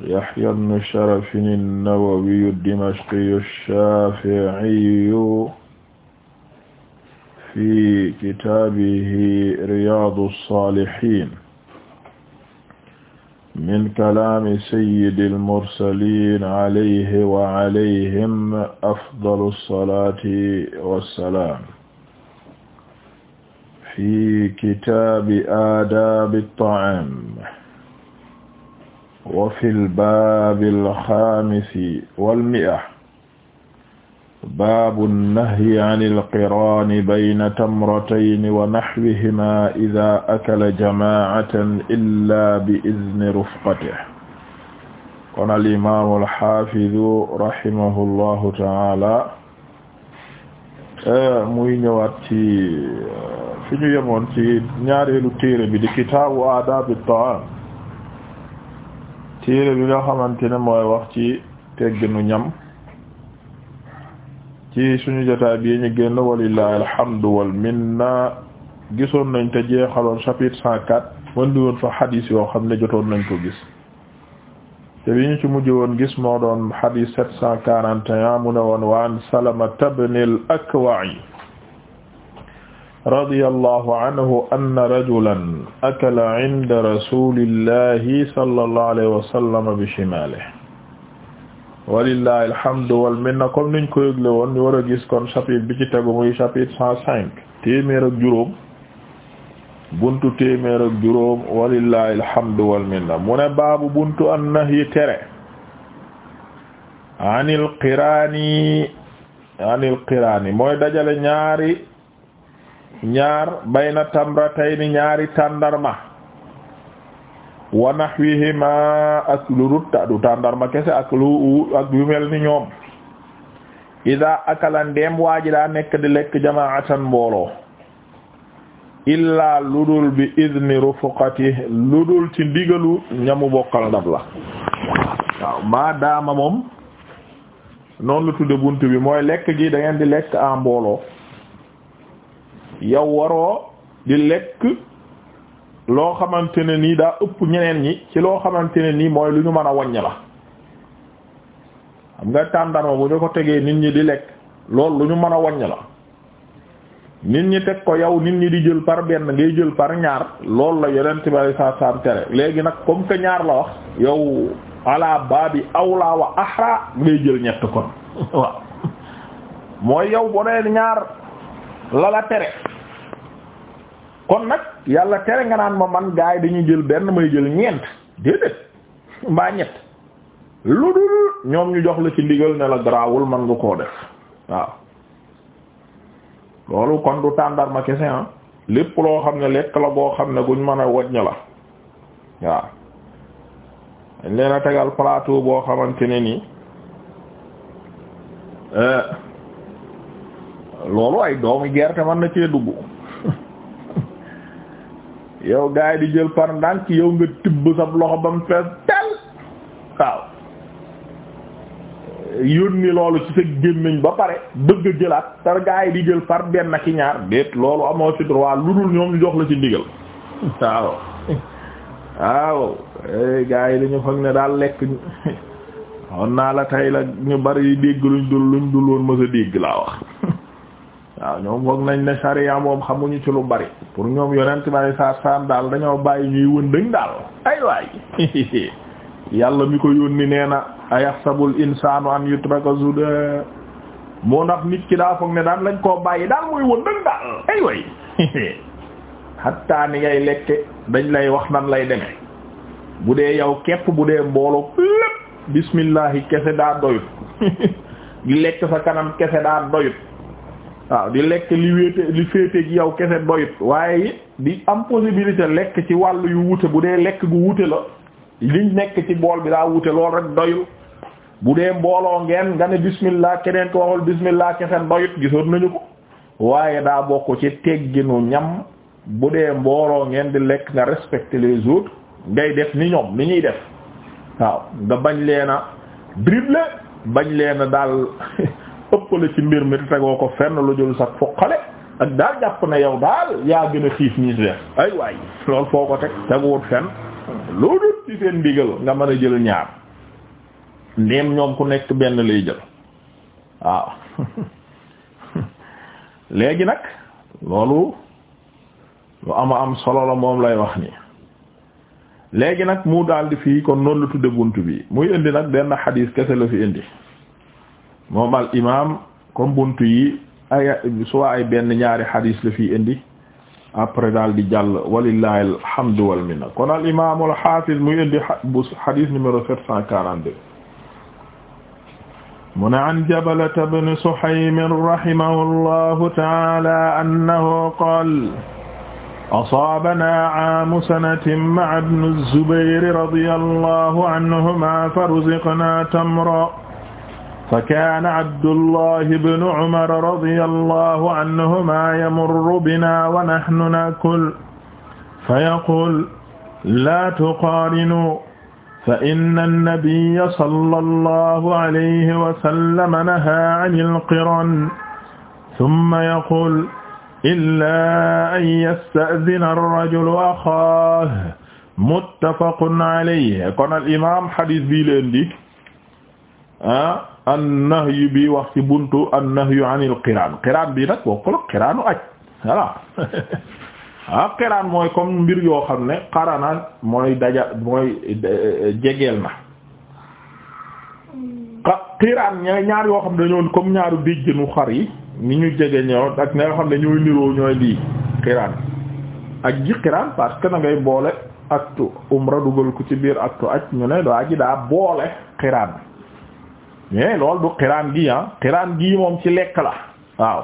يحيى بن شرف النووي الدمشقي الشافعي في كتابه رياض الصالحين من كلام سيد المرسلين عليه وعليهم أفضل الصلاة والسلام في كتاب آداب الطعام wa fil baabil xaamisi wal mi'a baabu nahyi anil qiraani bayna tamratayni wa naxwihimaa idaa akala jamaa'atan illaa bi izni rufqatihi kon al imaamu al xaafidu rahimahullahu ta'aala eh, muy ñëwaat ci eh, fi ñu yemoon ci ñaareelu téere bi di kitaabu aadaabi ta'aam téere bi nga xamante ne mooy wax ci tegginu ñam ci suñu jotaay bi ñu génn walillahi alhamdu wal minna gisoon nañ te jeexaloon chapitre cent quatre wandi woon fa xadis yoo xam ne jotoon nañ ko gis te bi ñu ci mujj woon gis moo doon xadis sept cent quarante et mu ne woon waan Salamata ibnil Akwa'i radiyallahu anhu anna rajulan akala inda rasulillahi sallallahu alayhi wa sallam bi shimalihi walillahi alhamdu wal minna comme niñ ko yëgle woon ñu war a gis kon chapitre bi ci tegu muy chapitre cent cinq téeméer ak juróom buntu téeméer ak juróom walillahi alhamdu wal minna mu ne baabu buntu annahyi tere anil qiraani anil qiraani mooy dajale ñaari ñaar bayna tamratayni ñaari tàndarma wi nahwihima ak lu dul du kese ak lu ak yu mel ni ñoom ida akala ndeem waa ji daa nekk di lekk jamaatan mbooloo illaa lu dul bi idni rufqati lu dul ci ndigalu ñamu bokkal ndab la waaw maa daama moom noonu la tudde bunt bi mooy lekk gi da di lekk en mbooloo yow waroo di lekk loo xamante ne nii daa ëpp ñeneen ñi ci loo xamante ne nii mooy lu ñu mën a wàññi la xam bu ñu ko tegee nit ñi di lekk loolu lu ñu mën a wàññi la nit ñi teg ko yow nit ñi di jël par benn ngay jël par ñaar loolu la yonent bari saa saam tere léegi nag comme que ñaar la wax yow ala baabi awla wa ahra ngay jël ñett kon mooy yow boo dee ñaar la tere kon nag yàlla tere nga naan ma man gaay dañuy jël benn may jël ñeent déedéet mbaa ñett lu dul ñoom ñu jox la ci ndigal ne la garaawul man nga koo def waaw loolu kon du tàndarma kese ah lépp loo xam ne lekk la boo xam ne guñ mën a wàññi la waaw dañ leen a tegal plateau boo xamante nii eh, loolu ay doomu gerte mën na cee dugg yow gars yi di jël par ndànk yow nga tibb sa loxo ba mu fees tel waaw yónni loolu ci sa gémmiñ ba pare bëgg a jëlaat tar gars yi di jël par benn ki ñaar déet loolu amoo ci droit lu dul ñoom ñu jox la ci ndigal waaw waaw eh, gars yi dañu foog ne daal lekk on naa la tay la ñu bari dégg luñ dul luñ dul woon mësa dégg laa wax waaw ñoom foog nañ ne sariya moom xamuñu ci lu bari pour ñoom yonent bari saa saam daal dañoo bàyyi ñuy wëndëng daal ay waay yàlla mi ko yónni nee na ayaxsabul insaanu an yutraka zuda moo ndax nit ki daa foog ne daan lañ koo bàyyi daal muy wëndëng daal ay waay hatta ngay lekke dañ lay wax nan lay demee bu dee yow képp bu dee mbooloo lépp bismillahi kese daa doyut lekk sa kanam kese daa doyut waaw di lekk li wéete li féete gi yow kese doyut waaye it di am possibilité lekk ci wàll yu wute bu dee lekk gu wute la liñ nekk ci bool bi daa wute loolu rek doyul bu dee mbooloo ngeen nga ne bismillah keneen ko waxul bismillah kese doyut gisoon nañu ko waaye daa bokk ci tegginu ñam bu dee mbooloo ngeen di lekk nga respecter les autres ngay def ni ñoom ni ñuy def waaw nga bañ leena dribbler bañ leena daal ëppale ci mbir mi tegoo ko fenn lu jël sax foqale ak daal jàpp na yow daal yaa gën a xiif ñi def ay waay loolu foo ko teg teguwut fenn loo dut ci seen ndigal nga mën a jël ñaar ndéem ñoom ku nekk benn lay jël waaw léegi nag loolu lu ama am solo la moom lay wax ni léegi nag mu daal di fii kon loolu la tudde bunt bi muy indi nag benn xadiis kese la fi indi moom al imaam comme buntu yi ay soit ay benn ñaari xadis la fi indi après daal di jàll walillahi alhamdu wal minna kon al imaam al xaafiz muy indi bu xadis numéro 742 mu ne an jabalata bni suhaymin rahimahu allahu taala annahu qaal asaabanaa caamu sanatin ma'a ibni zubayr radiyallahu anhuma fa ruziqnaa tamra فكان عبد الله بن عمر رضي الله عنهما يمر بنا ونحن نأكل فيقول لا تقارنوا فإن النبي صلى الله عليه وسلم نهى عن القران ثم يقول إلا أن يستأذن الرجل أخاه متفق عليه kon al imaam hadiis bi leen di ah an-nahyu bi wax ci buntu an-nahyu anil qiraan qiraan bi nag bokkul qiraanu aj voilà ah qiraan mooy comme mbir yoo xam ne qarana mooy daja mooy eh, eh, jegeel na qiraan ñaar yoo xam ne dañoo comme ñaaru déjjënu xar yi ni ñu jege ñëw ak na nga xam ne ñooy niroo ñooy lii qiraan ak ji qiraan parce que na ngay boole aktu umra dugal ko ci biir aktu aj ñu ne daa ji daa boole qiraan mais loolu du xiraan gi ah xiraan gi moom ci lekk la waaw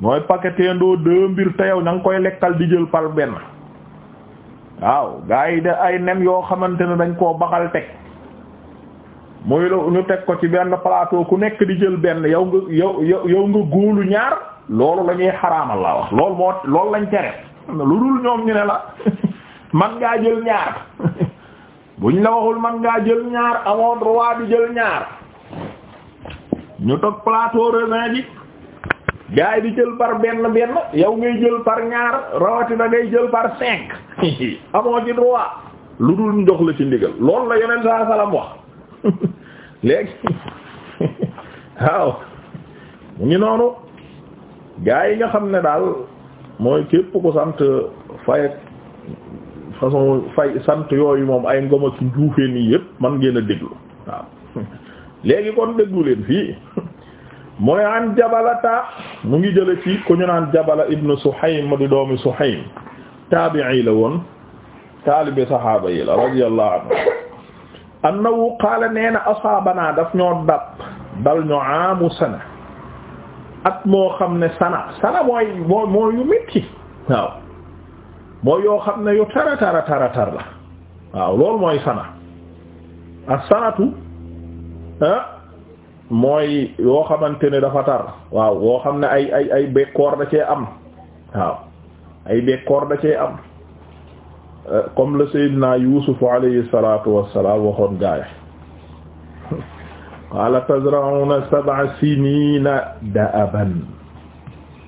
mooy paqueteendoo deux mbir te yow na koy lekkal di jël par benn waaw gaa yi de ay nem yoo xamante ne dañ koo baxal teg muy la ñu teg ko ci benn plateau ku nekk di jël benn yow nga yow yow nga góolu ñaar loolu la ñuy xaraamal laa wax loolu moo loolu lañ tere lu dul ñoom ñu ne la man ngaa jël ñaar buñ la waxul man ngaa jël ñaar amoo droit di jël ñaar ñu toog plateau raisin ji gars yi di jël par benn benn yow ngay jël par ñaar rawatina ngay jël par cinq amoo ci droit lu dul ñu jox la ci ndigal loolu la yeneen saa salaam wax léegi waaw mu ngi noonu gars yi nga xam ne daal mooy képp ko sant fayet façon fay sant yooyu moom ay ngoma ci njuufee nii yépp man ngeen déglu waaw léegi kon déglu leen fii mu ne an jabalata mu ngi jële ci ku ñu naan jabala ibnu Suhaym di doomi Suhaym taabi'i la woon taalibe saxaaba yi la radiyallahu anhu annahu qaala nee na asaabanaa daf ñoo dab dal ñu aamu sana at moo xam ne sana sana mooy moo moo yu métti waaw mooy yoo xam ne yu tara tara tara tar la waaw loolu mooy sana as sanatu ah mooy yoo xamante ne dafa tar waaw yoo xam ne ay ay ay bekkoor da cee am waaw ay bekkoor da cee am eh, comme le sayyidina Yuusuf alayhi salatu wassalam waxoon gaaya qaala tazra'una sab'a sinina da'aban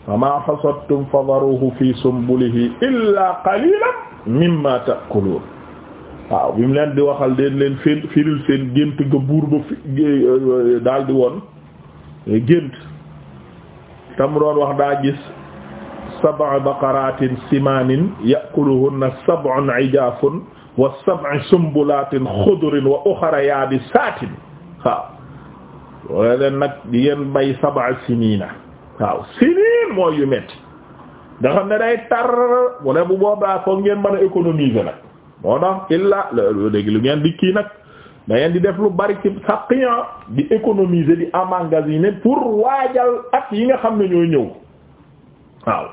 famaa hasadtum fadharuhu fi sumbulihi illa qalilan mimma ta'kulun waaw bi mu leen di waxal leen leen fén firil seen gént ga buur ba euh, daal di woon gént tam doon wax daa gis sab'a baqaratin simaanin ya'kuluhunna sab'un 'ijaafun wa sab'a sumbulaatin xudurin wa uxara yaabisaatin waaw wala leen nag di ngeen bay sab'a siniina waaw siniin mooy yu metti nga xam ne day tar wala bu boobaa foog ngeen mën a économiser nag moo tax illa léegi lu ngeen di kii nag da ngeen di def lu bari ci sa di économiser di emmagasiner pour waajal at yi nga xam ne ñooy ñëw waaw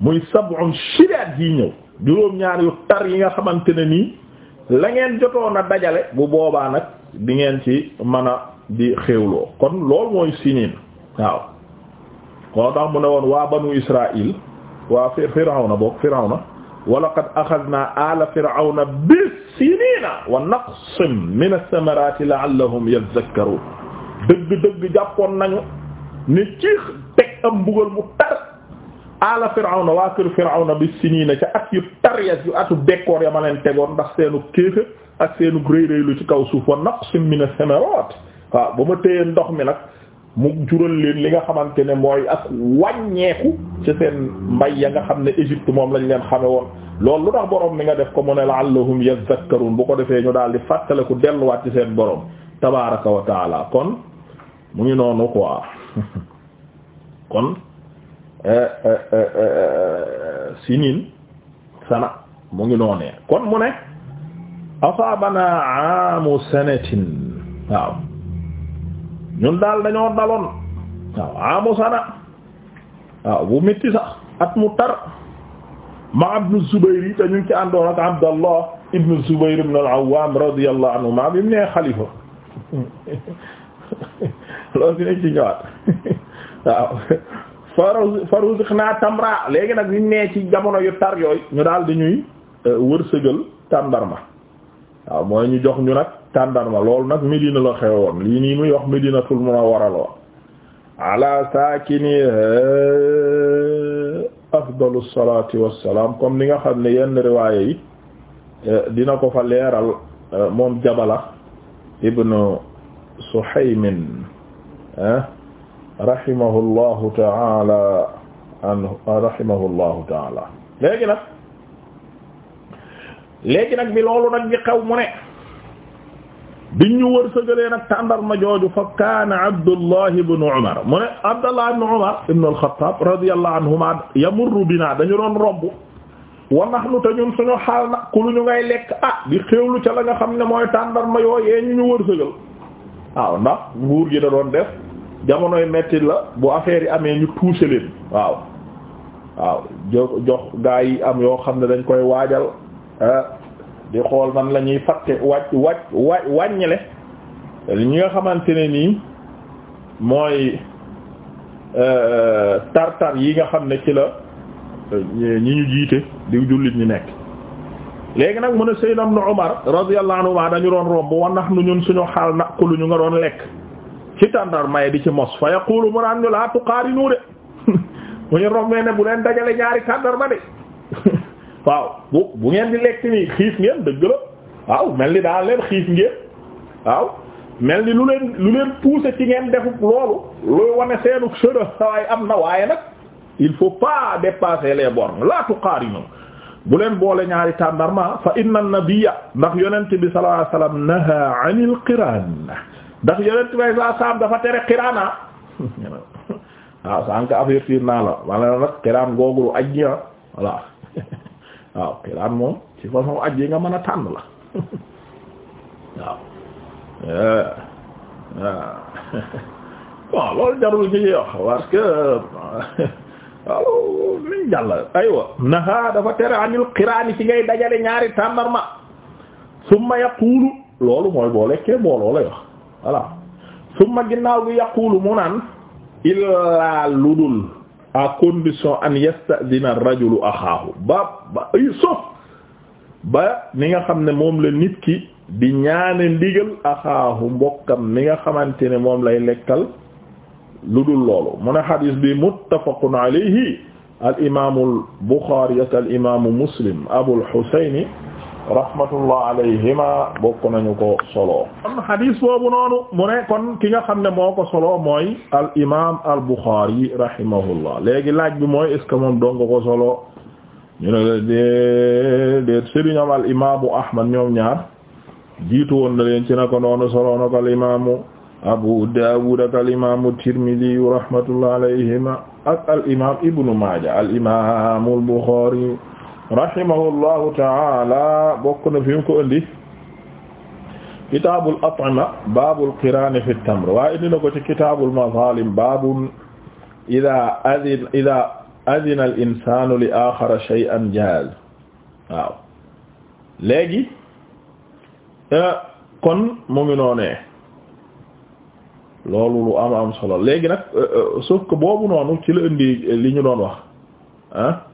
muy sab'un shidaat yi ñëw juróom-ñaar yu tar yi nga xamante ne nii la ngeen jotoon a dajale bu boobaa nag di ngeen ci mën a di xéewloo kon loolu mooy siniin waaw moo tax mu ne woon waa banu Israël waa Firawna bokk Firawna wa laqad axadnaa aala firawna bis-siniina wa naqsin mina ath-thamaraati la'allahum yadhakkaruun dëgg-dëgg jàppoon nañu ne ciix teg am mbugal mu tar aala firawna waa kër firawna bis-siniina ca at yu tar ya yu atu bekkoor ya ma leen tegoon ndax seenu kéefër ak seenu réy réylu ci kaw suuf wa naqsin mina ath-thamaraat waaw ba ma téye ndox mi nag mu jural leen li nga xamante ne mooy ak wàññeeku ci seen mbay ya nga xam ne Égypte moom lañ leen xame woon loolu lu tax borom mi nga def ko mu ne la'allahum yadhakkarun bu ko defee ñu daal di fàttaliku delluwaat ci seen borom tabaaraka wa taala kon mu ngi noonu quoi kon eh, eh, eh, sinin sana mu ngi noonee kon mu ne asaabana aamu sanatin waaw ñun daal dañoo daloon waaw amu sana waaw bu métti sax at mu tar ma Ibnu Zubayr yi te ñu ci àndoon ak Abdallah Ibnu Zubayr ibn al-Awwam radiyallahu anhuma bi mu nee xalifa loolu si nañ ci ñëwaat waaw faru faruziqna tamra léegi nag ñu nee ci jamono yu tar yooyu ñu daal di ñuy euh, wërsëgal tàndarma waaw mooy ñu jox ñu nag tàndarma loolu nag Medina la xewoon lii nii muy wax Medinatul Munawwara la woon ala saakini afdalu salaati wassalaam comme ni nga xam ne yenn riwaaye yi eh, dina ko fa leeral eh, moom Jabala ibnu Suhaymin eh, rahimahu llahu taala anhu rahimahu taala léegi nag léegi nag bi loolu nag bi xew mu ne biñ ñu wër sëgalee nag tàndarma jooju fa kaana Abdullah ibn Umar mu ne Abdullah ibn Umar ibn al-Khattab radiyallahu anhuma yamurru bina dañu doon romb wa nahnu te ñun xaal na ku lu ñu ngay lekk ah di xéewlu ca la nga xam ne mooy tàndarma yoo yee ñu ñu wër sëgal ndax nguur gi da doon def jamonoy metti la bu affaire yi amee ñu tuuse leen jox jox am yoo xam ne dañ koy waajal Ah, di xool man la ñuy wa wa wàcc wa wàññile ñi nga xamante ne nii mooy eh, tartar yi nga xam ne ci la eh, ñi ñu jiite di jullit ñu nekk léegi nag mu ne Seydina Ibn Umar radiyallahu waa dañu doon romb wa nahnu ñun suñu xaal naqulu ñu nga doon lekk ci tàndar may di ci mos fa yaqulu mu naan ñu laa tuqaarinu de mu ñu rombee ne bu leen dajale ñaari tàndar ma de waaw bu bu ngeen di lekk nii xiif ngeen dëgg la waaw mel ni daal leen xiif ngeen waaw mel ni lu leen lu leen pousser ci ngeen defuk loolu looy wane seenu sërë waaye am na waaye nag il faut pas dépasser les bornes la tuqarinu bu leen boole ñaari tàndarma fa inna nabiyya ndax yonent bi sallallahu saam dafa tere qiraana waaw sànq avertir naa la wala nag qiraan googulu ajji ah, voilà waaw xiraan moom ci façon aj yi nga mën a tànn la waaw bon loolu jarul ñu ci wax parce que alo liñ jàll aywa naha dafa tere anil xiraani ci ngay dajale ñaari tàndarma summa yaquulu loolu mooy boo lekkee booloo lay wax voilà summa ginnaaw bi yaquulu mu naan illaa ludul à condition an yastazina rajulu axaahu ba ba sauf ba ni nga xam ne moom la nit ki di ñaane ndigal axaahu mbokkam mi nga xamante ne moom lay lekkal lu dul loolu mu ne xadis bi muttafaqun alayhi al imaamu al buxaari ak al imaamu muslim abul xusayni rahmatullah alayhima bokk nañu ko solo kon hadis boobu noonu mu ne kon ki nga xam ne moo ko solo mooy al imam al Bukhari rahimahullah léegi laaj bi mooy est ce que moom dong ko solo ñu ne la déedéet Ahmad ñoom ñaar jiitu woon na leen ci na ko noonu solo na ko al Abu Dawud ak al imaamu rahmatullah alayhima ak Ibnu Maaja al al Bukhari rahimahullahu taala bokk na fi mu ko indi kitaabul at'ima baabul qiraan fi tamr waaye indi na ko ci kitaabul mazaalim baabun idaa adina idaa adina al insaanu li aaxara shay'an jaaz waaw léegi eh, kon mu ngi noonee loolu lu am am solo léegi nag eh, eh, sauf que boobu noonu ci la indi li ñu doon wax ah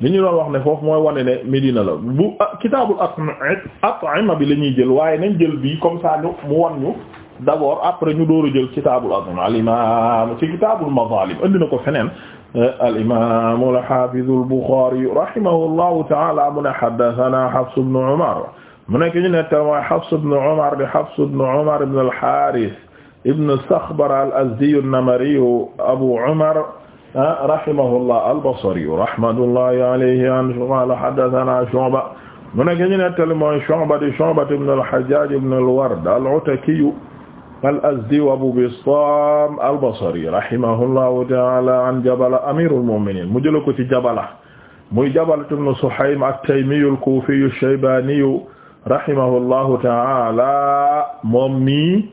li ñu doon wax ne foofu mooy wane ne Medina la bu ah, kitaabul at'ima bi la ñuy jël waaye nañ jël bii comme ça ñu mu wan ñu d'abord après ñu door a jël kitaabul at'ima al imam ci kitaabul mazaalim andi na ko feneen eh, al imam al hafiz al Bukhari rahimahullahu ta'ala mu ne haddathana Hafs ibn Umar mu nekk ñu ne tam mooy Hafs ibn Umar di Hafs ibn Umar ibn al Harith ibn Sakhbar al Azdi an-Namari Abu Umar Ah, rahimahullah al-Basri rahmatullahi alayhi an qala haddathana Shu'ba mu nekk ñu nettali mooy Shu'ba di Shu'ba ibn al-Hajjaj ibn al-Ward al-Ataki al-Azdi Abu Bistam al-Basri rahimahullahu ta'ala an Jabala amirul mu'minin mu jël ko ci Jabala muy Jabala ibn Suhaym at-Taymi al-Kufi ash-Shaybani rahimahullahu ta'ala moom mi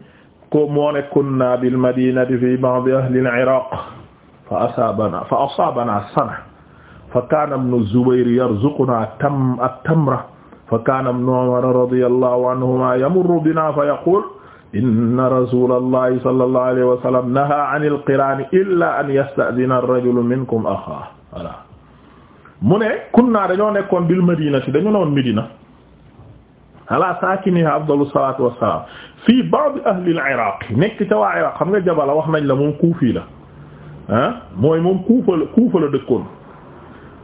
ko moo nekkoon na bil madinati fi ba'd ahli al-Iraq fa asaabana fa asaabana sana fa kaana ibnu Zubayr yarzuquna tam at-tamra fa kaana ibnu Umar radiyallahu anhuma yamurru binaa fa yaqul inna rasuulallahi sallallahu alayhi wa sallam nahaa anil qiraani illaa an yasta'dina ar-rajulu minkum axaahu voilà mu ne kunnaa dañoo nekkoon bil madinati dañu newoon Medina ala saakinihaa afdalu salaatu wassalaam fii ba'di ahli al-Iraaq nekk ca waa Iraaq xam nga Jabala wax nañ la moom Kuufi la ah mooy moom kuufa la kuufa la dëkkoon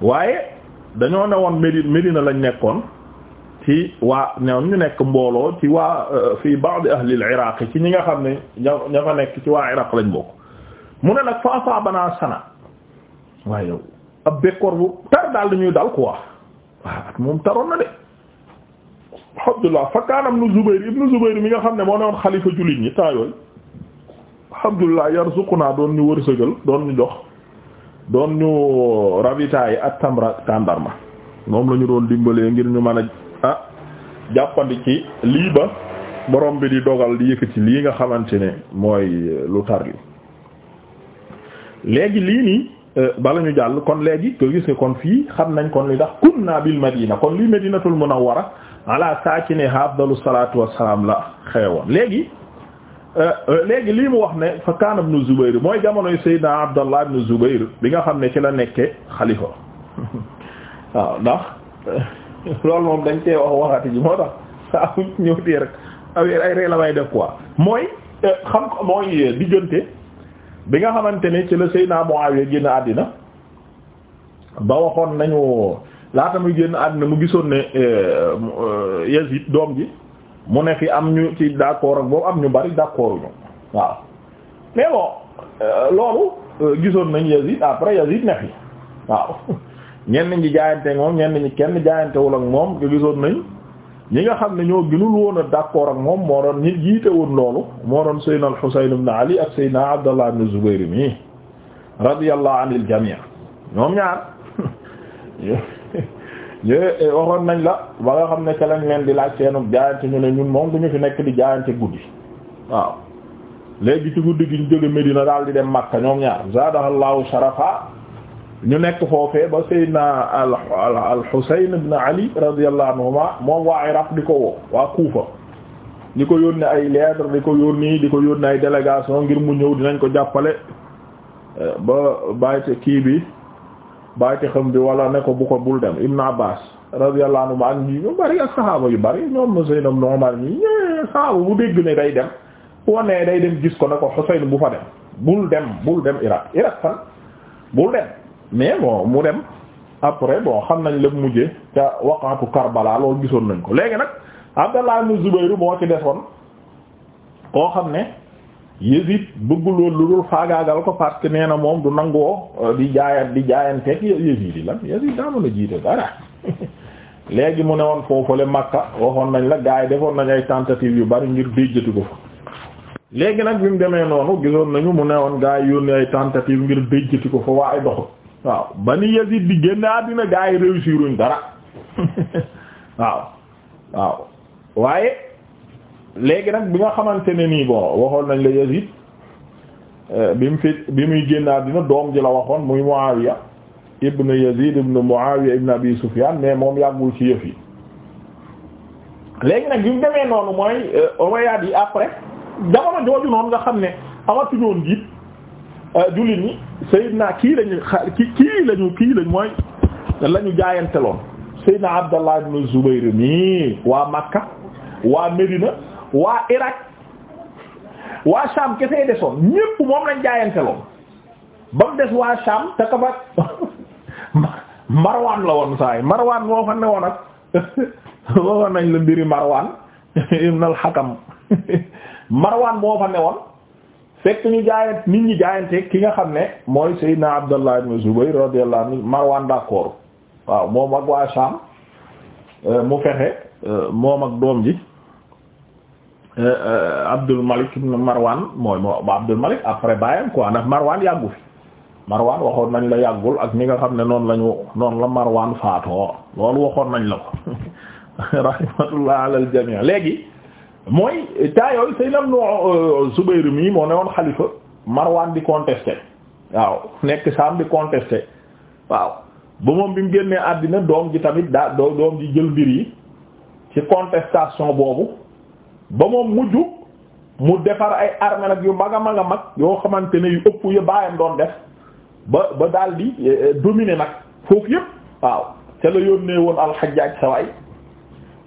waaye dañoo newoon Médine Médina lañ nekkoon ci waa ñoom ñu nekk mbooloo ci waa euh, fii ba'd ahli al-Iraq ci ñi nga xam ne ña fa nekk ci waa Iraq lañ bokk mu ne nag fa asaabanaa sana waaye yow ab bekkoor bu tar daal dañuy dal quoi waaw at moom taroon na de Abdullah fa kaanam nu Zubayr ibnu Zubayr mi nga xam ne moo newoon xalifa jullit ñi temps yooyu alhamdulilah naa doon ñu wërsëgal doon ñu jox doon ñu ravitaay ak tamra tàndarma moom la ñu doon dimbalee ngir ñu mën a ah jàppandi ci lii ba borom bi di dogal di ci lii nga xamante ne mooy euh, lu tar li léegi lii nii euh, bala ñu jàll kon léegi ko gis nga kon fii xam nañ kon li tax kunna bil madina kon lii madinatul munawwara ala saakinihaa afdalu salaatu wassalaam la xewoon léegi Euh, euh, léegi lii mu wax ne fa kaana ibnu Zubayr mooy jamonoy Seydina Abdallah ibnu Zubayr bi nga xam ne ci la nekke xalifa waaw ndax euh, loolu moom dañ tee wax waxati ji moo tax saa mu ñëw tee rek ay ree la may def quoi mooy xam mooy diggante bi nga xamante ne ci la Seydina Muawiya génn àddina ba waxoon nañu laata muy génn àddina mu gisoon ne Yazid doom ji mu ne fi am ñu ci d'accord ak boobu am ñu bari d'accord ñu waaw mais bon euh, loolu euh, gisoon nañ Yazid après Yazid ne fi waaw ñenn ñi jaayante ak moom ñenn ñi kenn jaayantewul ak moom te gisoon nañ ñi nga xam ne ñoo gënul woon a d'accord ak moom moo doon ñi jiite woon loolu moo doon Seydina al-Husayn ibn Ali ak Seydina Abdallah ibn Zubayr mi radiyallahu anil jami' ñoom ñaar Eh, waxoon nañ la ba nga xam ne ca lañ leen di laaj seenub jaayante ñu ne ñun moom duñu fi nekk di jaayante guddi waaw léegi ci guddi gi ñu jóge Medina daal di dem Makka ñoom ñaar zaadahallahu sharafa ñu nekk foofee ba Seydina al al Husayn ibn Ali radiyallahu anhuma moom waa Iraq di ko woo waa Kuufa di ko yónnee ay lettre di ko yónnee di ko yónnee ay délégation ngir mu ñëw dinañ ko jàppale eh, ba bàyyi kii bi bàyyi xam bi wala ne ko bu ko bul dem Ibn Abbas radiyallahu anhu an ñi ñu bari ak saxaaba yu bari ñoom na Seydina Umar ñi ñee saxaaba bu dégg ne day dem wanee day dem gis ko ne ko Husayn bu fa dem bul dem bul dem Irak Irak fan bul dem mais bon mu dem après bon xam nañ lépp mujje ca waqatu Karbala loolu gisoon nañ ko léegi nag Abdallah ibn Zubayr moo ci desoon koo xam ne Yezid bëggul woon lu dul faagaagal ko parce que nee na moom du nangoo euh, di jaayat di jaayanteeg Yezid yi lan Yezid daa mën a jiite dara léegi mu ne woon foofule Makka waxoon nañ la gars yi defoon nañ ay tentatives yu bari ngir déjjati ko fa. léegi nag bi mu demee noonu gisoon nañu mu ne woon gars yi yónnee ay tentatives ngir déjjati ko fa waaye doxul waaw ba ni Yezid di génn àddina gars yi réussiruñ dara waaw waaw waaye. léegi nag bi nga xamante ne nii bon waxoon nañ la Yazid euh, bi mu fi bi muy génnaat dina doom ji la waxoon muy Muawiya ibn Yazid ibn Muawiya ibn Abi Sufyan mais moom yàggul ci yëf yi léegi nag bi mu demee noonu mooy euh, Umayyad yi après jamono jooju noonu nga xam ne amatuñu woon jiit euh, jullit ñi Seydina kii lañu kii lañu kii lañu mooy lañu jaayanteloon Seydina Abdallah ibn Zubayr nii waa Makka waa Medina waa Irak waa Sham kese desoon ñépp moom lañ jaayanteeloon ba mu des waa Sham te ka ba la woon saa yi Marwan moo fa newoon ak waxoon nañ la mbiri Marwan ibn al-Hakam Marwan moo fa newoon fekk ñu jaayant nit ñi jaayante ki nga xam ne mooy Seydina Abdallah ibn Zubayr radiyallahu anhu Marwan d'accord waaw moom ak waa Sham euh, mu fexe euh, moom ak doom ji. Euh, euh, Abdul Malik ibn Marwan mooy moo Abdul Malik après bàyyam quoi ndax Marwan yàggu fi Marwan waxoon nañ la yàggul ak ni nga xam ne noonu lañu noonu la Marwan faatoo loolu waxoon nañ la ko rahmatullah alal jamii léegi mooy taa yooyu say nam no mi moo ne woon xalifa Marwan di contesté waaw nekk saam di contesté waaw ba moom bi mu génnee àddina doom ji tamit daa doom ji jël mbir yi ci contestation boobu ba moom mujj mu defar ay armée nag yu mag a mag a mag yoo xamante ne yu ëpp yu baayam doon def ba ba daal di eh, eh, dominer nag foofu yëpp waaw ca la yónnee woon alxajaaj sawaay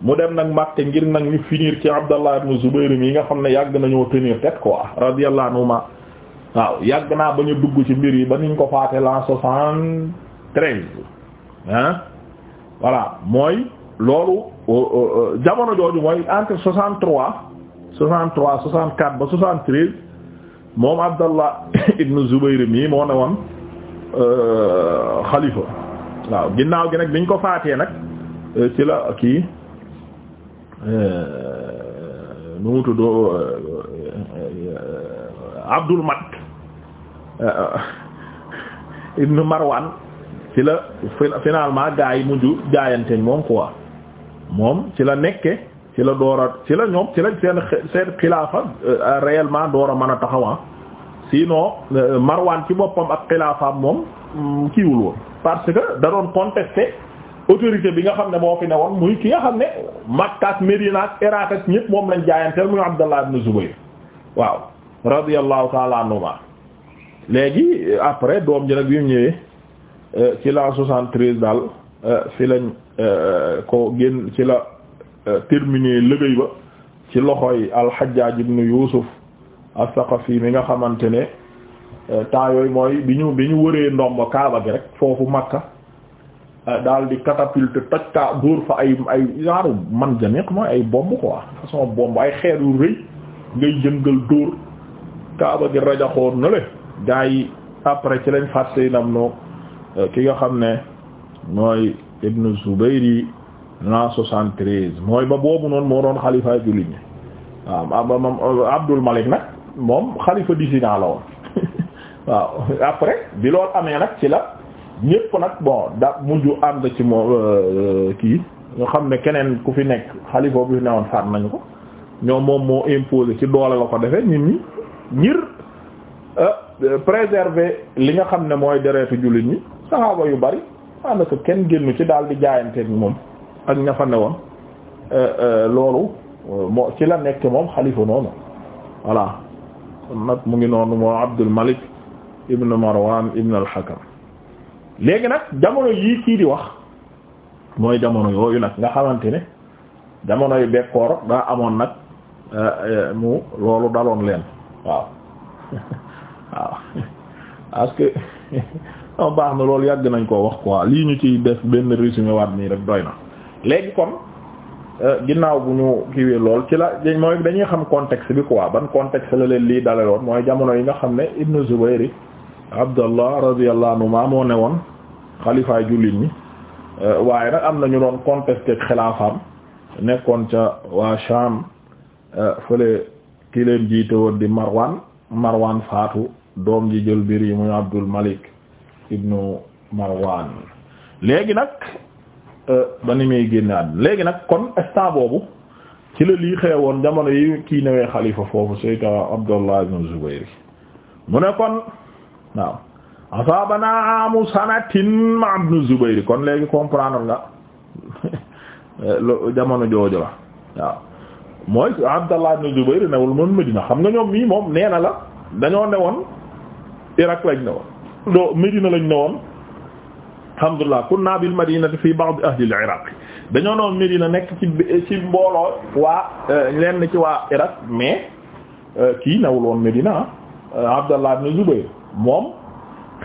mu dem nag Makka ngir nag ñu finir ci Abdallah ibn nga xam ne yàgg nañoo tenir tête quoi radiyallahu anhuma waaw yàgg naa ba ñu dugg ci mbir yi ba niñ ko faate l'an soixante treize ah voilà mooy loolu euh, euh, euh, jamono jooju mooy entre soixante trois soixante trois soixante quatre ba soixante treize moom Abdallah ibn Zubayr mii moo ne woon xalifa waaw ginnaaw gi nag biñ ko faatee nag ci la kii nu mu tudd Abdul Mat ibn Marwan ci la finalement gaa yi mujj jaayanteñ moom quoi moom ci la nekke ci la doora ci la ñoom ci lañ seen seen xilaafa euh, euh, réellement door a mën a taxawaan ah. sinon euh, Marwan ci boppam ak xilaafaam moom mm, kiiwul woon parce que da doon contester autorité bi nga xam ne moo fi ne woon muy ki nga xam ne Makka ak Medina ak Irak ak ñëpp moom lañ jaayanteel muy Abdallah ibn Zubayr waaw radiyallahu ta'ala anhuma léegi après doom ji nag bi ñëwee ci la soixante-treize daal fi lañ Euh, ko génn ci la euh, terminé liggéey ba ci loxoy al-Hajjaj ibn Yusuf as-Saqafi mi nga xamante ne euh, temps yooyu mooy bi ñu bi ñu wëree ndomb Kaaba gi rek foofu Makka dal di catapulte toj ka dóor fa ay ay genre man janiq mooy ay bomb quoi façon bomb ay xeer yu rëy ngay jëngal dóor Kaaba gi rajaxoon na le yi après ci lañ fàtte nam noo ki nga xam ne mooy ibnu Zubayri na soixante-treize mooy ba boobu noonu moo doon xalifa jullit ñi waaw Abdul Malik nag moom xalifa dissident la woon waaw après bi loolu amee nag ci la ñépp nag bon da mujj ànd ci moom euh, kii ñu xam ne keneen ku fi nekk xalifa bu fi newoon faat nañu ko ñoo moom moo imposé ci doole la ko defee nit ñi ngir euh, préserver li nga xam ne mooy deretu jullit ñi saxaaba yu bari daanaka kenn génnu ci daal di jaayanteeg moom ak ña fa euh, euh, loolu euh, moo ci la nekk moom xalifa noonu voilà kon nag mu ngi noonu moo Abdul Malik ibn Marwan ibn al-Hakam léegi nag jamono yii kii di wax mooy jamono yooyu nag nga xamante ne jamono yu bekkoor daa amoon nag mu loolu daloon leen waaw waaw parce non baax na loolu yàgg nañ koo wax quoi lii ñu ci def benn résumé waat nii rek doy na léegi kon euh, ginnaaw bu ñu kiiwee lool ci la mooy dañuy xam contexte bi quoi ban contexte la leen lii daleloon mooy jamono yi nga xam ne Ibn Zubayr Abdallah radiyallahu anhu ma moo ne woon xalifaay jullit ñi euh, waaye nag am na ñu doon contesté ak xilaafaam nekkoon ca waa Sham euh, fële ki leen jiite woon di Marwan Marwan faatu doom ji jël mbir yi muy Abdul Malik ibnu Marwan léegi nag euh, ba ni muy génne àdduna léegi nag kon instant boobu ci la lii xewoon jamono yi kii newee xalifa foofu sayta Abdullah ibn Zubayr mu ne kon waaw asabana amu sanatin ma ibn Zubayr kon léegi comprendre nga jamono jooju la waaw mooy Abdallah ibn Zubayr newul mën Medina xam nga ñoom mii moom nee na la dañoo newoon Irak lañ newoon do Medina lañ ne woon alhamdulilah kunna bil madinati fi ba'd ahli al-iraq Medina nekk ci ci mbooloo waa eh, lenn ci waa Iraq mais eh, kii newul Medina eh, Abdallah ibn Zubayr moom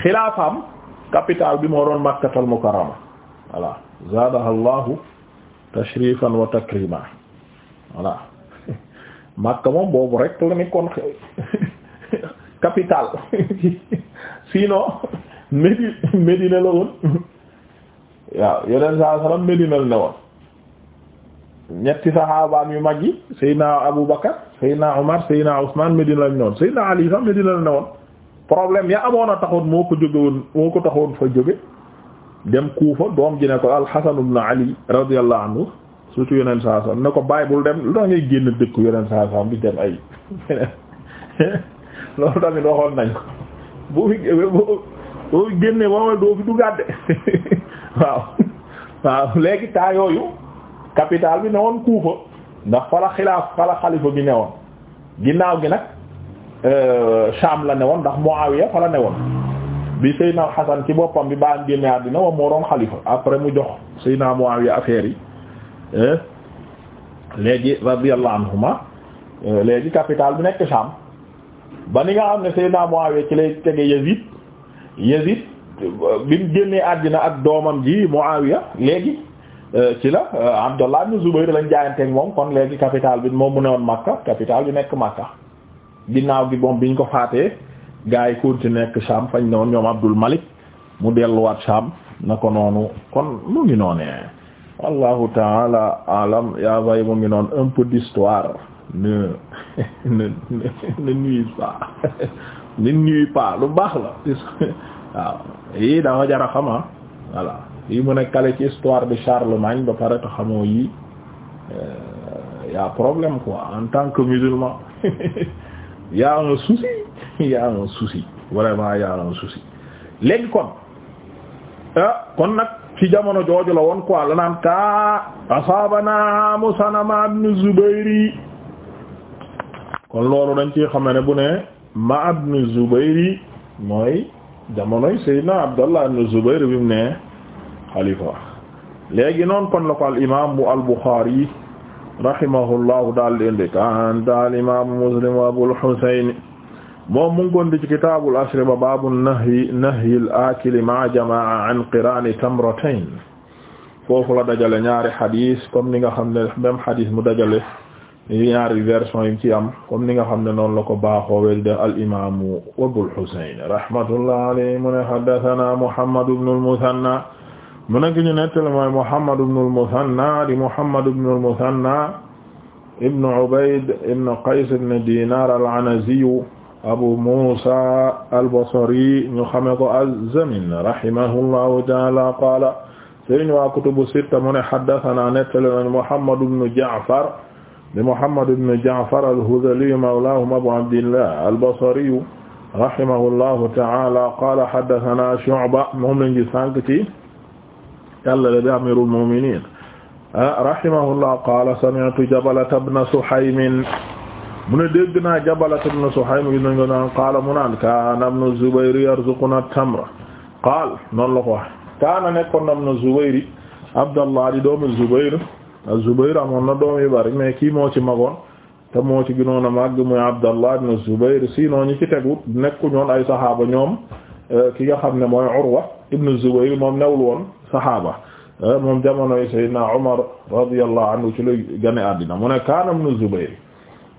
xilaafaam capital bi moo doon Makkatal Mukarrama voilà zaadaha llahu tashrifan wa takrima voilà Makka moom boobu rek la nekkoon capital sinon Médine Médine la woon waaw yeneen saa salaam Médine la ne woon ñetti saxaabaan yu mag yi Seydina Abu Bakar Seydina Omar Seydina Ousmane Médine la ne woon Seydina Ali sax Médine la ne woon problème ya amoon a taxoon moo ko jóge woon moo ko taxoon fa jóge dem Kuufa doom ji ne ko al-Hasan ibn Ali radiyallahu anhu surtout yeneen saa salaam ne ko bàyyi bul dem lu tax ngay génn dëkk yeneen saa salaam bi dem ay loolu tamit waxoon nañ ko. boo fi boo fi génnee doo fi duggaat de waaw waaw léegi temps yooyu capital bi newoon Kuufa ndax fala xilaaf fala xalifa bi newoon ginnaaw gi nag euh, Sham la newoon ndax Muawiya fala newoon bi Seydina Hasan ci boppam bi baa génne àddina wa moo doon xalifa après mu jox Seydina Muawiya affaire yi léegi radiyallahu anhuma euh, léegi capital bi nekk Sham ba ni nga xam ne Seydina Muawiya ci lay tege Yazid Yazid bi mu génnee àddina ak doomam ji Muawiya léegi euh, ci la euh, Abdallah ibn Zubayr lañ jaayanteeg moom capital bi moom mu newoon Makka capital bi nekk Makka ginnaaw gi moom biñ ko faatee gars yi continué nekk Sham fañ ne woon ñoom Abdul Malik mu delluwaat Sham na ko noonu kon mu ngi noonee wallahu taala alam yaa way mu ngi noon un peu d'histoire ne ne ne nuyu pas ne nuyu pas lu baax la waaw yii dafa jar a xam ah. yii mu ne kale ci histoire de Charlemagne ba pare te xamoo yii euh, y a problème ko en tant que musulman y a un souci y a vraiment y a un souci kon ah kon nag ci jamono jooju la woon quoi la naan ka asabana Musanama Zubayri kon loolu dañ ci xam ne bu ne ma ibn Zubayr mooy jamonoy Seydina Abdallah ibn Zubayr bi mu ne xalifa léegi noonu kon la ko al imam bu al Bukhari rahimahullahu daal di indi kanta al imam Muslim wa Abul Husayn moom mu ngi koon di ci kitaabul ashriba baabu nahyi nahyil ma jamaa an qiraani tamratayn foofu la dajale ñaari xadis comme ni nga xam ne même xadis mu dajale ñaari version yi ci am comme ni nga xam ne noonu la ko baaxoowel de al imaamu Abul Husayn rahmatullah alayhi mu ne haddathana Muhammad ibn al-Muthanna mu nekk ñu nettale mooy Muhammad ibn al-Muthanna di Muhammad ibn al-Muthanna ibn Ubayd ibn Qays ibn Dinar al-Anazi Abu Musa al-Basri ñu xame ko az-Zamin rahimahullahu ta'ala qala sëriñ wa kutubu sitta mu ne haddathana nettale mooy Muhammad ibn Ja'far di Muhammad ibn Ja'far al-Hudhali mawlaahum Abu Abdillah al-Basri rahimahullahu ta'ala qaala haddathanaa Shu'ba moom lañ gis sànq ci tallale bi Amirul Mu'minin ah, rahimahullah qaala sami'tu Jabalata ibn Suhaym mu ne dégg naa Jabalata ibn Suhaym gis nañ ko naan qaala mu naan kaana ibn Zubayr yarzuquna tamra qaala noonu la ko wax kaana nekkoon ibn Zubayr Abdallah di doomu Zubayr az-Zubayr amoon na doom yu bari mais kii moo ci magoon te moo ci gënoon a màgg muy Abdallah ibn Zubayr sinon ñi ci tegut nekku ñoon ay saxaaba ñoom euh, ki nga xam ne mooy Urwa ibn Zubayr moom newul woon saxaaba euh, moom jamonoy Seydina Umar radiyallahu anhu ci la gane àddina mu ne kaana ibn Zubayr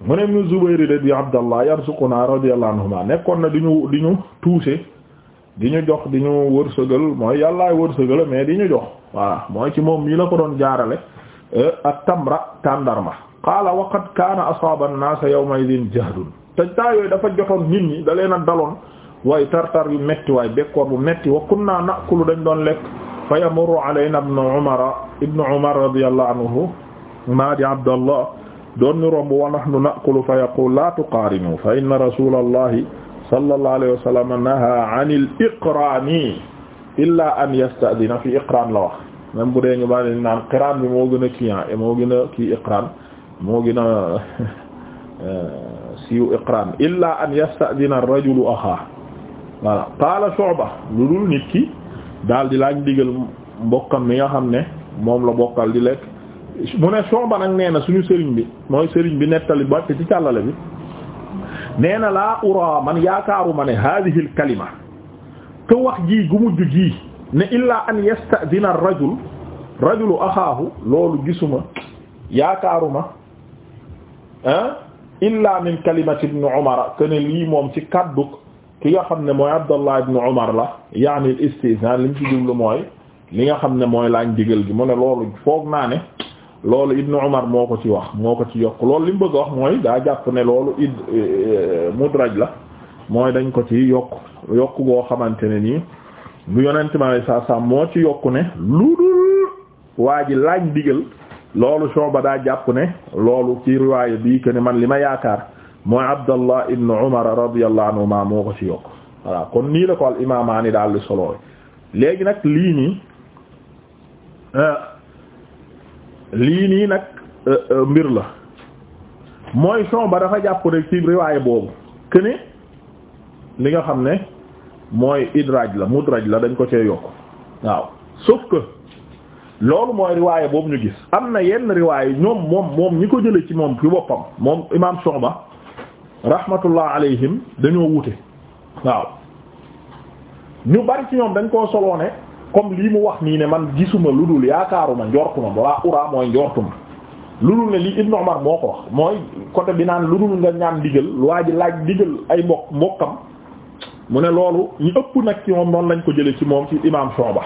mu ne ibn Zubayr de di Abdallah yarzuquna radiyallahu anhuma nekkoon na di ñu di ñu tuuse di ñu jox di ñu wërsëgal mooy yàllaay wërsëgal mais di ñu jox voilà mooy ci moom ko doon jaarale Euh, ak tamra tàndarma qaala waqad kaana asaaba an-naasa yawma idin jahdun te taa yooyu dafa jotoon nit ñi da leen a daloon waaye tartar yu metti waaye bekkoor bu metti wa kunna na'kulu dañ doon lekk fa yamurru alayna ibnu umara ibnu umar radiyallahu anhu maa di abdallah doon ñu romb wa nahnu na'kulu fa yaqulu la tuqaarinu fa inna rasulallahi sallallahu alayhi wa sallam naha anil iqraani illa an yasta'dina fi iqraan la wax même bu dee ñu bari naan qiraan bi moo gën a client ah, moo gën a kii iqraan moo gën a euh, siiw iqraan illa an yasta'dina ar-rajulu axaa voilà qaala Shu'ba lu dul nit ki daal di laaj digal mbokkam mi nga xam ne moom la bokkal di lekk mu ne Shu'ba nag nee na suñu sëriñ bi mooy sëriñ bi nettali ba ci càllale bi nee laa ura man yaakaaruma ne hadhihi al kalima te wax ji gu mujj ji ne illaa an yasta'dina ar-rajul rajulu axaahu loolu gisuma yaakaaruma ah illaa min kalimati ibn Umar que ne lii moom ci kaddu ki nga xam ne mooy Abdallah ibn Umar la yaani al-istizaan li mu ci jublu mooy li nga xam ne mooy laaj digal gi mu ne loolu foog naa ne loolu ibn Umar moo ko ci wax moo ko ci yokk loolu li mu bëgg a wax mooy daa jàpp ne loolu id eh, eh, mudraj la mooy dañ ko ci yokk yokk goo xamante ne nii. lu yonent ma lay saa saa moo ci yokku ne lu dul waa ji laaj ndigal loolu Shuba daa jàpp ne loolu ci riwaaya bii que ne man li ma yaakaar mooy Abdallah ibn Umar radiyallahu anhuma moo ko ci yokk voilà kon nii la ko al imaamaani daal di solo léegi nag lii nii euh, lii nii nag euh, euh, mbir la mooy Shuba dafa jàpp rek ci riwaaya boobu que ne li nga xam ne. mooy idraaj la mudraj la dañ ko cee yokk waaw sauf que loolu mooy riwaayé boobu ñu gis am na yenn riwaayé ñoom moom moom ñi ko jële ci moom ci boppam moom imam Shuba rahmatullah alayhim dañoo wute waaw ñu bari ci ñoom dañ koo soloone comme lii mu wax nii ne man gisuma lu dul yaakaaruma njortuma balaa uraa mooy njortuma lu dul ne lii Ibn Umar moo ko wax mooy côté bi naan lu dul nga ñaan digal waa ji laaj digal ay mbokk mbokkam mu ne loolu ñu ëpp nag ci moom noonu lañ ko jële ci moom ci imam Shuba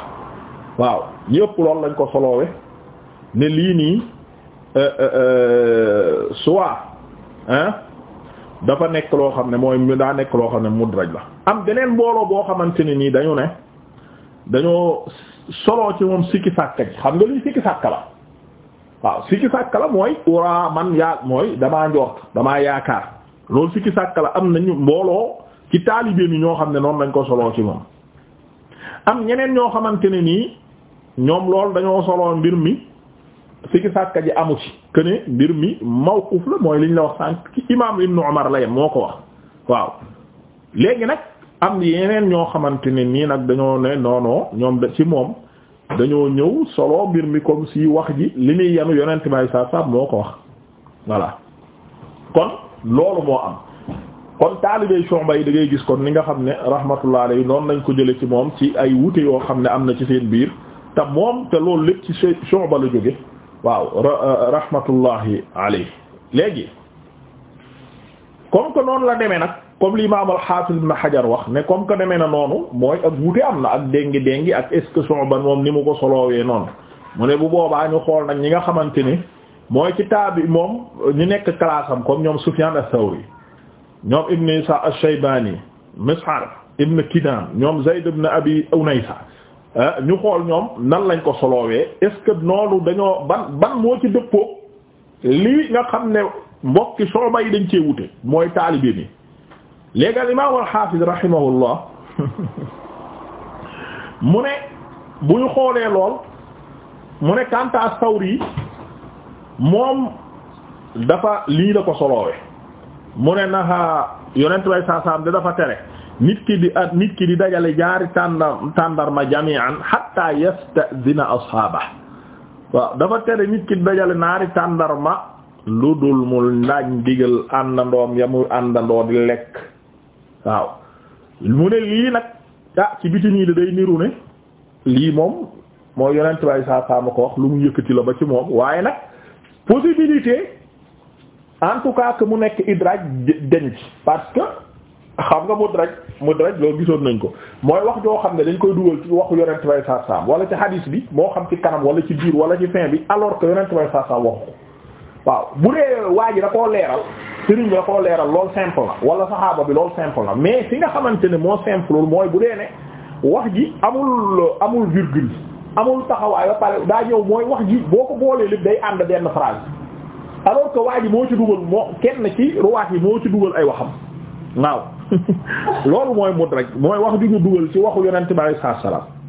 waaw ñu ëpp loolu lañ ko soloowe ne lii nii euh, euh, euh, soit hein dafa nekk loo xam ne mooy daa nekk loo xam ne mu mudraj la am beneen mbooloo boo xamante ne nii dañu ne dañoo soloo ci moom sikki sàkka xam nga luy sikki la waaw sikki sàkka la mooy uraa man yaa mooy damaa njort damaa yaakaar loolu sikki sàkka la am nañu mbooloo ci taalibe mi ñoo xam ne noonu lañ ko soloo ci moom am ñeneen ñoo xamante ne nii ñoom lool dañoo soloo mbir mi sikki sàkka ji amu ci que ne mbir mi mawquf la mooy liñ la wax sànq ci imaam Ibnu Umar la yem moo ko wax waaw léegi nag am yeneen ñoo xamante ne nii nag dañoo ne noonoo ñoom da ci moom dañoo ñëw solo mbir mi comme si wax ji li muy yenu yonent may saab saab moo ko wax voilà kon loolu moo am kon taalibey Shu'ba yi da ngay gis kon ni nga xam ne rahmatullah alayhi noonu lañ ko jële ci moom ci ay wute yoo xam ne am na ci seen biir te moom te loolu lépp ci Shu'ba la jóge waaw rahmatullahi alayhi léegi comme que noonu la demee nag comme lii l'imam al-Hafiz Ibn xajar wax ne comme que demee na noonu mooy ak wute am na ak déngi déngi ak est-ce que Shu'ba moom ni mu ko soloowee noonu mu ne bu boobaa ñu xool nag ñi nga xamante ni mooy ci taabi moom ñu nekk classe am ñoom Sufyan as-Sawri ñoom ibn Isa ash-Shaybani Mishar ibn Kidam ñoom Zayd ibn Abi Unaysa ah, ñu xool ñoom nan lañ ko soloowee est-ce que noonu dañoo ban ban moo ci dëppoo lii nga xam ne mbokki soo yi dañ cee wute mooy taalibe yi léegi al imaam al-Hafiz rahimahullah mu ne bu ñu xoolee lool mu ne Kanta Sawri moom dafa lii la ko soloowee mu ne naxa yonent saasaam da dafa tere nit ki di at nit ki di dajale jaari tàndar tàndarma jami'an hatta yastazina ashaaba waaw dafa tere nit ki di dajale naari tàndarma lu dul mu ndaañ digal àndandoom ya mu àndandoo di lekk waaw mu ne lii nag ah ci biti nii da day niru ne lii moom moo yonent way saasaama ko wax lu mu yëkkati la ba ci moom waaye nag possibilité en tout cas que mu nekk idraj denc parce que xam nga mu mudraj loolu gisoon nañ ko mooy wax joo xam ne dañ koy dugal ci waxu yonent bay saa saam wala ci hadis bi moo xam ci kanam wala ci biir wala ci fin bi alors que yonent bay saa saam waxu ko waaw bu dee waa ji da koo leeral sëriñ bi da koo leeral lool simple la wala saxaaba bi lool simple la mais fi nga xamante ne moo simple mooy bu dee ne wax ji amul amul virgule amul taxawaay ba pare daa ñëw mooy wax ji boo ko boolee lépp day ànd benn phrase. alors que waa ji moo ci dugal moo kenn ci ruwaat yi moo ci dugal ay waxam waaw loolu mooy mudraj mooy wax ju ñu dugal ci waxu yonent bi sallallahu alayhi